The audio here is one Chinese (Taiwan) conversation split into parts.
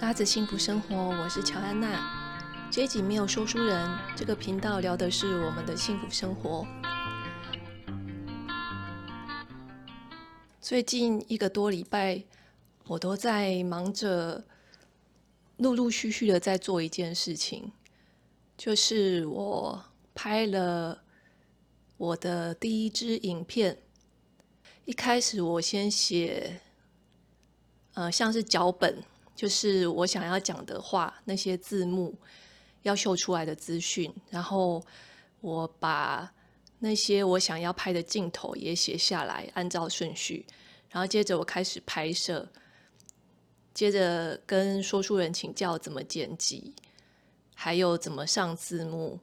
搭子幸福生活，我是喬安納。這一集沒有說書人，這個頻道聊的是我們的幸福生活。最近一個多禮拜，我都在忙着，陸陸續續的在做一件事情，就是我拍了我的第一支影片。一開始我先寫，呃，像是腳本。就是我想要講的話，那些字幕要秀出來的資訊，然後我把那些我想要拍的鏡頭也寫下來，按照順序，然後接着我開始拍攝，接着跟說書人請教怎麼剪輯，還有怎麼上字幕，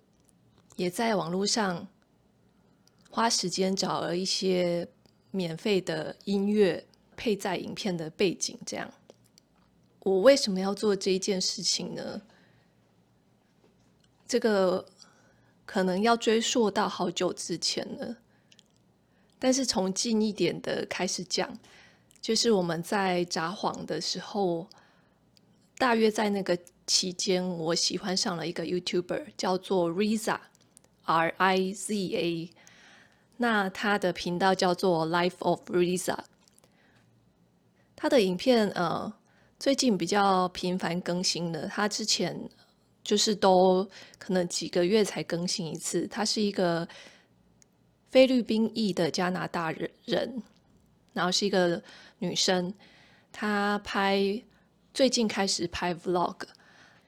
也在網絡上花時間找了一些免費的音樂配在影片的背景，這樣。我為什麼要做這一件事情呢？這個可能要追溯到好久之前了，但是從近一點的開始講，就是我們在札幌的時候，大約在那個期間，我喜歡上了一個 YouTuber，叫做 Riza，R I Z A，那他的頻道叫做 Life of Riza，他的影片呃。最近比較頻繁更新的，他之前就是都可能幾個月才更新一次。他是一個菲律賓裔的加拿大人，然後是一個女生，她拍，最近開始拍 Vlog，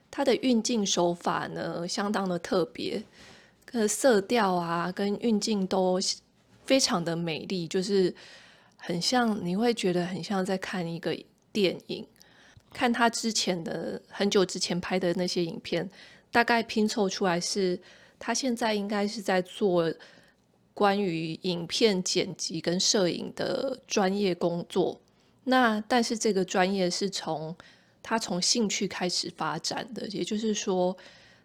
她的運鏡手法呢相當的特別，呃，色調啊跟運鏡都非常的美麗，就是很像，你會覺得很像在看一個電影。看他之前的很久之前拍的那些影片，大概拼湊出來是，他現在應該是在做關於影片剪輯跟攝影的專業工作。那但是這個專業是從他從興趣開始發展的，也就是說，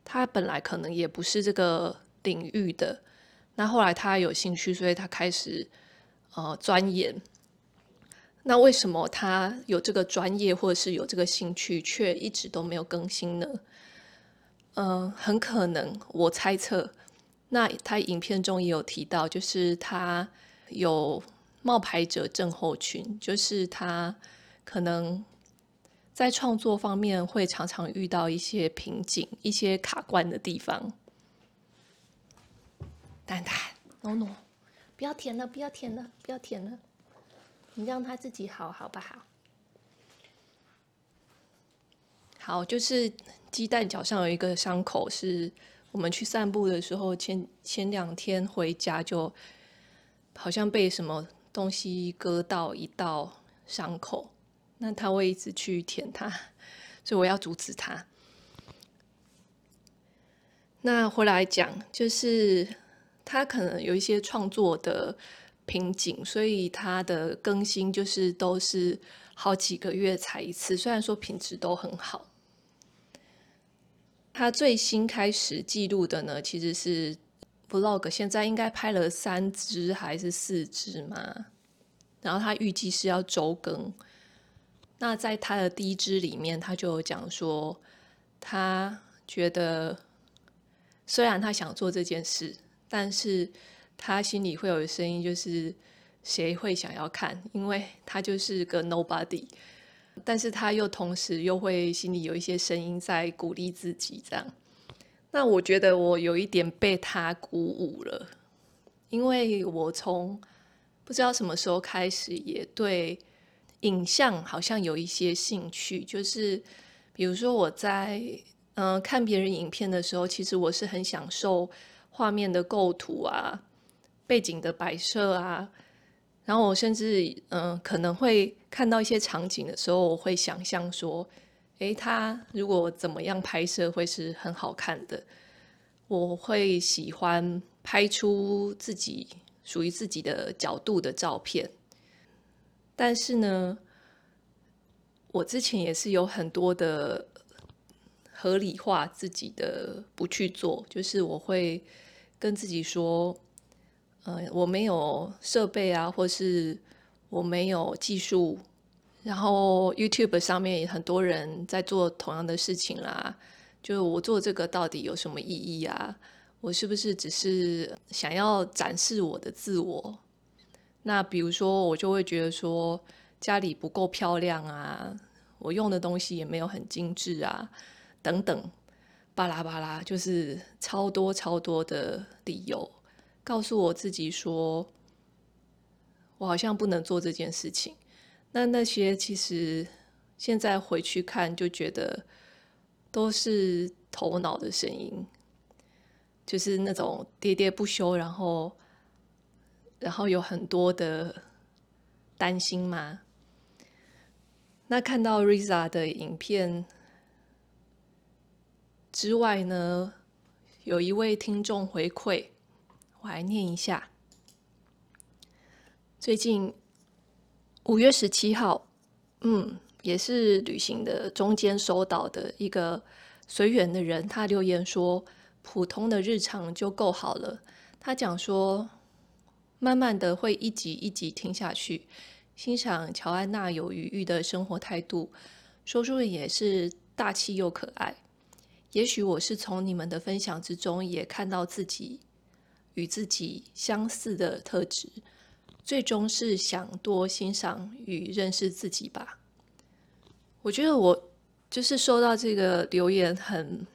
他本來可能也不是這個領域的，那後來他有興趣，所以他開始呃鑽研。那為什麼他有這個專業或者是有這個興趣，卻一直都沒有更新呢？嗯，很可能我猜測。那他影片中也有提到，就是他有冒牌者症候群，就是他可能在創作方面會常常遇到一些瓶頸、一些卡關的地方。蛋蛋，諾諾，不要舔了，不要舔了，不要舔了。你讓他自己好好不好？好，就是雞蛋腳上有一個傷口，是我們去散步的時候，前前兩天回家就好像被什麼東西割到一道傷口。那他會一直去舔它，所以我要阻止他。那回來講，就是他可能有一些創作的。瓶頸，所以他的更新就是都是好幾個月才一次。雖然說品質都很好，他最新開始記錄的呢，其實是 vlog，現在應該拍了三支還是四支嘛？然後他預計是要周更。那在他的第一支裡面，他就講說，他覺得雖然他想做這件事，但是。他心裡會有聲音，就是誰會想要看？因為他就是個 nobody，但是他又同時又會心裡有一些聲音在鼓勵自己這樣。那我覺得我有一點被他鼓舞了，因為我從不知道什麼時候開始，也對影像好像有一些興趣。就是比如說我在嗯，呃，看別人影片的時候，其實我是很享受畫面的構圖啊。背景的擺設啊，然後我甚至嗯、呃、可能會看到一些場景的時候，我會想象說，誒，他如果怎麼樣拍攝會是很好看的，我會喜歡拍出自己屬於自己的角度的照片。但是呢，我之前也是有很多的合理化自己的不去做，就是我會跟自己說。呃，我沒有設備啊，或是我沒有技術，然後 YouTube 上面也很多人在做同樣的事情啦，啊，就我做這個到底有什麼意義啊？我是不是只是想要展示我的自我？那比如說，我就會覺得說家裡不夠漂亮啊，我用的東西也沒有很精緻啊，等等，巴拉巴拉，就是超多超多的理由。告訴我自己說，我好像不能做這件事情。那那些其實現在回去看就覺得都是頭腦的聲音，就是那種喋喋不休，然後，然後有很多的擔心嘛。那看到 Riza 的影片之外呢，有一位聽眾回饋。我還念一下，最近五月十七號，嗯，也是旅行的中間收到的一個隨緣的人，他留言說：“普通的日常就夠好了。”他講說：“慢慢的會一集一集聽下去，欣賞喬安娜有餘裕的生活態度，說書人也是大氣又可愛。”也許我是從你們的分享之中也看到自己。與自己相似的特質，最終是想多欣賞與認識自己吧。我覺得我就是收到這個留言很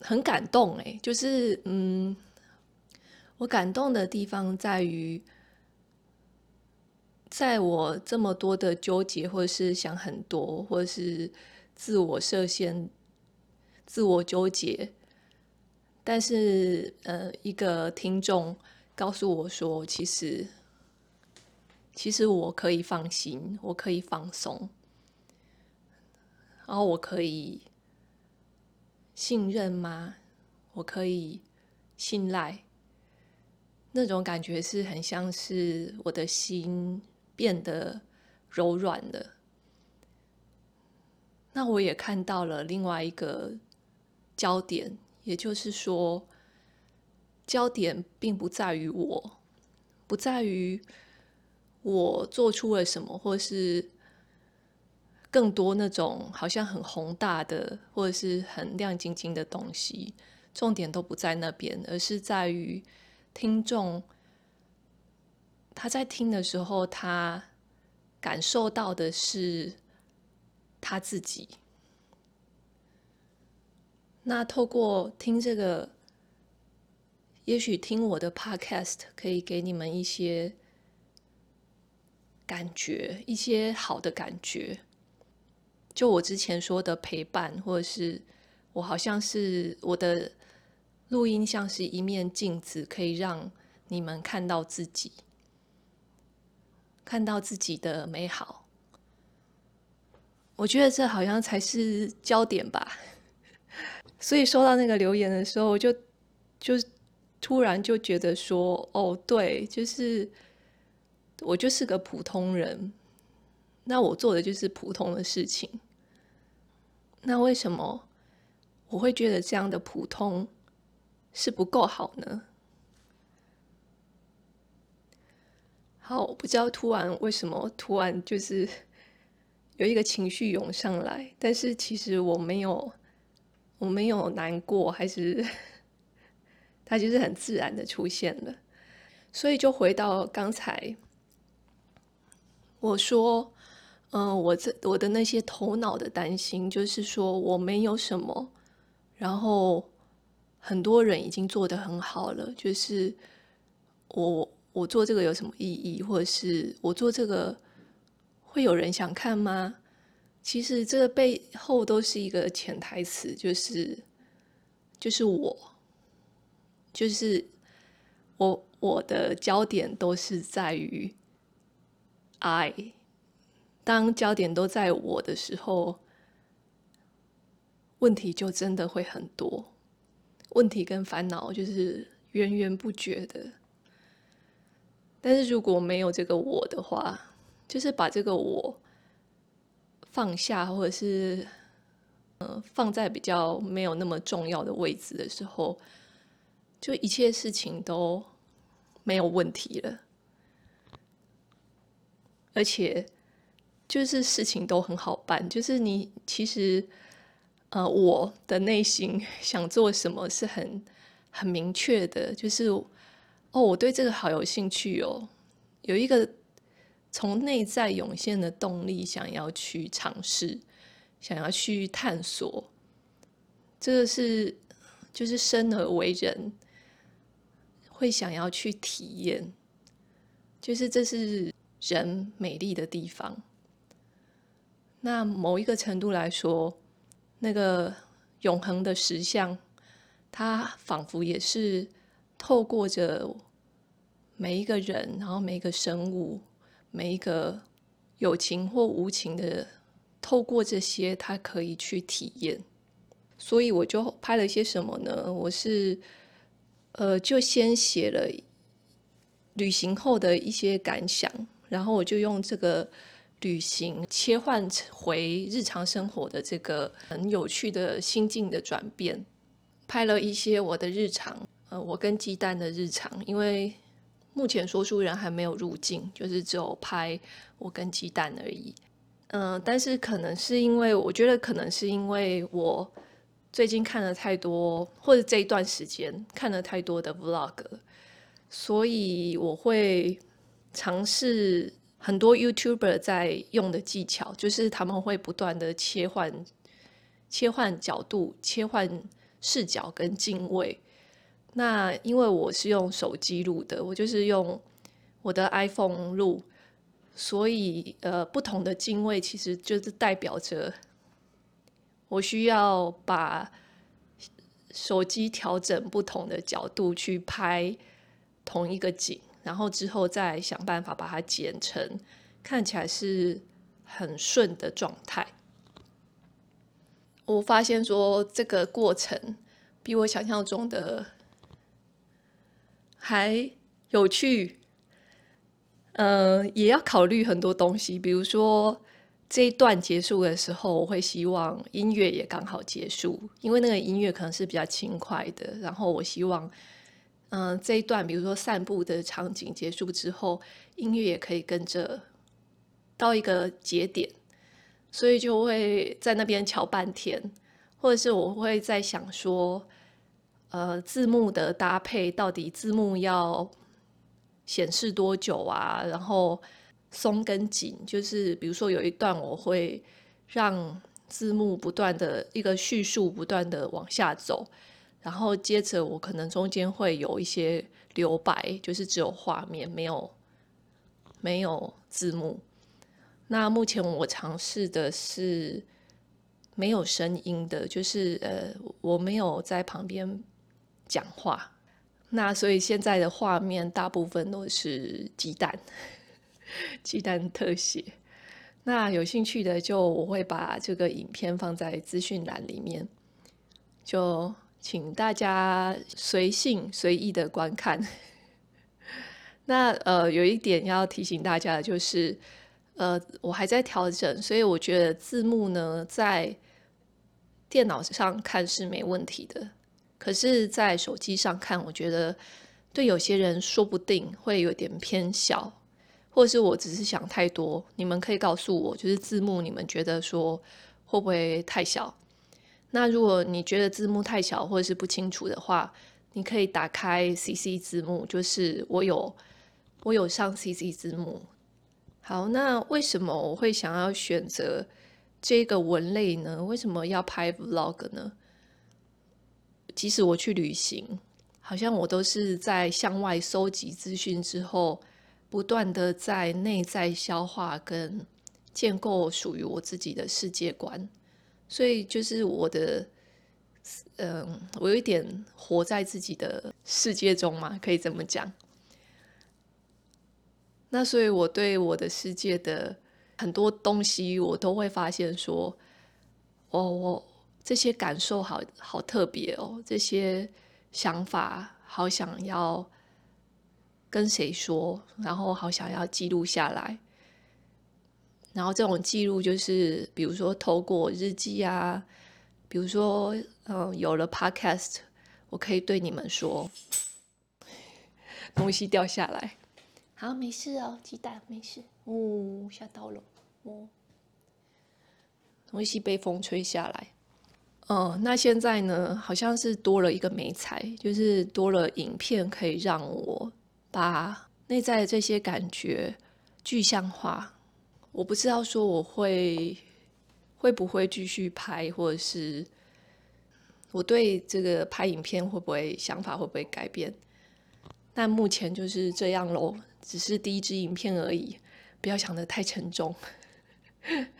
很感動哎、欸，就是嗯，我感動的地方在於，在我這麼多的糾結，或者是想很多，或者是自我設限、自我糾結。但是，呃，一個聽眾告訴我說：“其實，其實我可以放心，我可以放鬆，然後我可以信任嗎，我可以信賴。那種感覺是很像是我的心變得柔軟了。那我也看到了另外一個焦點。”也就是說，焦點並不在於我，不在於我做出了什麼，或是更多那種好像很宏大的，或者是很亮晶晶的東西。重點都不在那邊，而是在於聽眾。他在聽的時候，他感受到的是他自己。那透過聽這個，也許聽我的 podcast 可以給你們一些感覺，一些好的感覺。就我之前說的陪伴，或者是我好像是我的錄音像是一面鏡子，可以讓你們看到自己，看到自己的美好。我覺得這好像才是焦點吧。所以收到那個留言的時候我就，就就突然就覺得說：“哦，對，就是我就是個普通人，那我做的就是普通的事情，那為什麼我會覺得這樣的普通是不夠好呢？”好，我不知道突然為什麼突然就是有一個情緒湧上來，但是其實我沒有。我沒有難過，還是他就是很自然的出現了。所以就回到剛才我說，嗯，我這我的那些頭腦的擔心，就是說我沒有什麼，然後很多人已經做得很好了，就是我我做這個有什麼意義，或者是我做這個會有人想看嗎？其實這個背後都是一個潛台詞，就是，就是我，就是我，我的焦點都是在於 “I”。當焦點都在我的時候，問題就真的會很多，問題跟煩惱就是源源不絕的。但是如果沒有這個“我”的話，就是把這個“我”，放下，或者是，呃，放在比較沒有那麼重要的位置的時候，就一切事情都沒有問題了，而且就是事情都很好辦。就是你其實，呃，我的內心想做什麼是很很明確的，就是哦，我對這個好有興趣哦，有一個。從內在湧現的動力，想要去嘗試，想要去探索，這個是就是生而為人會想要去體驗，就是這是人美麗的地方。那某一個程度來說，那個永恆的實相，它仿佛也是透過着每一個人，然後每一個生物。每一個有情或無情的，透過這些，他可以去體驗。所以我就拍了一些什麼呢？我是，呃，就先寫了旅行後的一些感想，然後我就用這個旅行切換回日常生活的這個很有趣的心境的轉變，拍了一些我的日常，呃，我跟雞蛋的日常，因為。目前說書人還沒有入鏡，就是只有拍我跟雞蛋而已。嗯、呃，但是可能是因為我覺得，可能是因為我最近看了太多，或者這一段時間看了太多的 vlog，所以我會嘗試很多 YouTuber 在用的技巧，就是他們會不斷的切換、切換角度、切換視角跟鏡位。那因為我是用手機錄的，我就是用我的 iPhone 錄，所以呃，不同的鏡位其實就是代表着我需要把手機調整不同的角度去拍同一個景，然後之後再想辦法把它剪成看起來是很順的狀態。我發現說這個過程比我想象中的還有趣，嗯、呃，也要考慮很多東西，比如說這一段結束的時候，我會希望音樂也剛好結束，因為那個音樂可能是比較輕快的。然後我希望，嗯、呃，這一段比如說散步的場景結束之後，音樂也可以跟着到一個節點，所以就會在那邊喬半天，或者是我會在想說。呃，字幕的搭配到底字幕要顯示多久啊？然後鬆跟緊，就是比如說有一段我會讓字幕不斷的一個敘述不斷的往下走，然後接着我可能中間會有一些留白，就是只有畫面，沒有沒有字幕。那目前我嘗試的是沒有聲音的，就是呃，我沒有在旁邊。講話，那所以現在的畫面大部分都是雞蛋，雞蛋特寫。那有興趣的就我會把這個影片放在資訊欄裡面，就請大家隨性隨意的觀看。那呃，有一點要提醒大家就是，呃，我還在調整，所以我覺得字幕呢，在電腦上看是沒問題的。可是，在手機上看，我覺得對有些人說不定會有點偏小，或者是我只是想太多。你們可以告訴我，就是字幕你們覺得說會不會太小？那如果你覺得字幕太小或者是不清楚的話，你可以打開 CC 字幕，就是我有我有上 CC 字幕。好，那為什麼我會想要選擇這個文類呢？為什麼要拍 Vlog 呢？即使我去旅行，好像我都是在向外收集資訊之後，不斷的在內在消化跟建構屬於我自己的世界觀。所以就是我的，嗯，我有一點活在自己的世界中嘛，可以這麼講。那所以我對我的世界的很多東西，我都會發現說，我我。這些感受好好特別哦，這些想法好想要跟誰說，然後好想要記錄下來。然後這種記錄就是，比如說透過日記啊，比如說嗯，有了 podcast，我可以對你們說。東西掉下來，好，沒事哦，雞蛋沒事。哦、嗯，嚇到了，哦，東西被風吹下來。哦，那現在呢，好像是多了一個媒材，就是多了影片，可以讓我把內在的這些感覺具象化。我不知道說我會會不會繼續拍，或者是我對這個拍影片會不會想法會不會改變。但目前就是這樣咯，只是第一支影片而已，不要想得太沉重。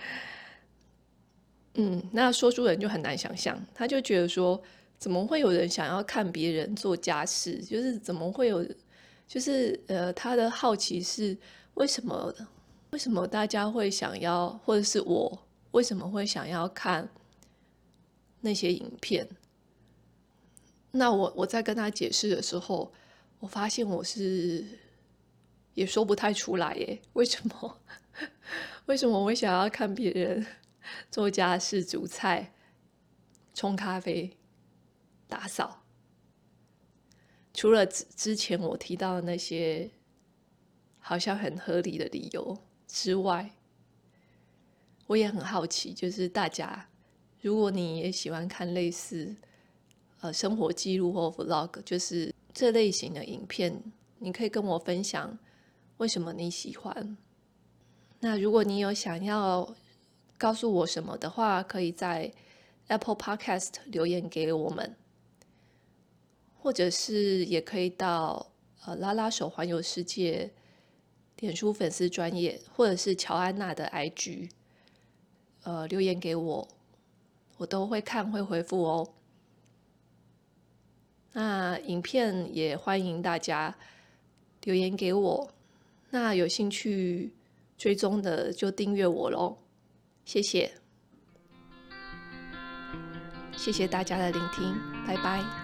嗯，那說書人就很難想象，他就覺得說，怎麼會有人想要看別人做家事？就是怎麼會有，就是呃，他的好奇是為什麼？為什麼大家會想要，或者是我為什麼會想要看那些影片？那我我在跟他解釋的時候，我發現我是也說不太出來耶，為什麼？為什麼我想要看別人？做家事、煮菜、沖咖啡、打掃，除了之前我提到的那些好像很合理的理由之外，我也很好奇，就是大家，如果你也喜歡看類似呃生活記錄或 Vlog，就是這類型的影片，你可以跟我分享為什麼你喜歡。那如果你有想要。告訴我什麼的話，可以在 Apple Podcast 留言給我們，或者是也可以到呃拉拉手環遊世界、臉書粉絲專頁，或者是喬安娜的 IG，呃留言給我，我都會看會回復哦。那影片也歡迎大家留言給我，那有興趣追蹤的就訂閱我嘍。謝謝，謝謝大家的聆聽，拜拜。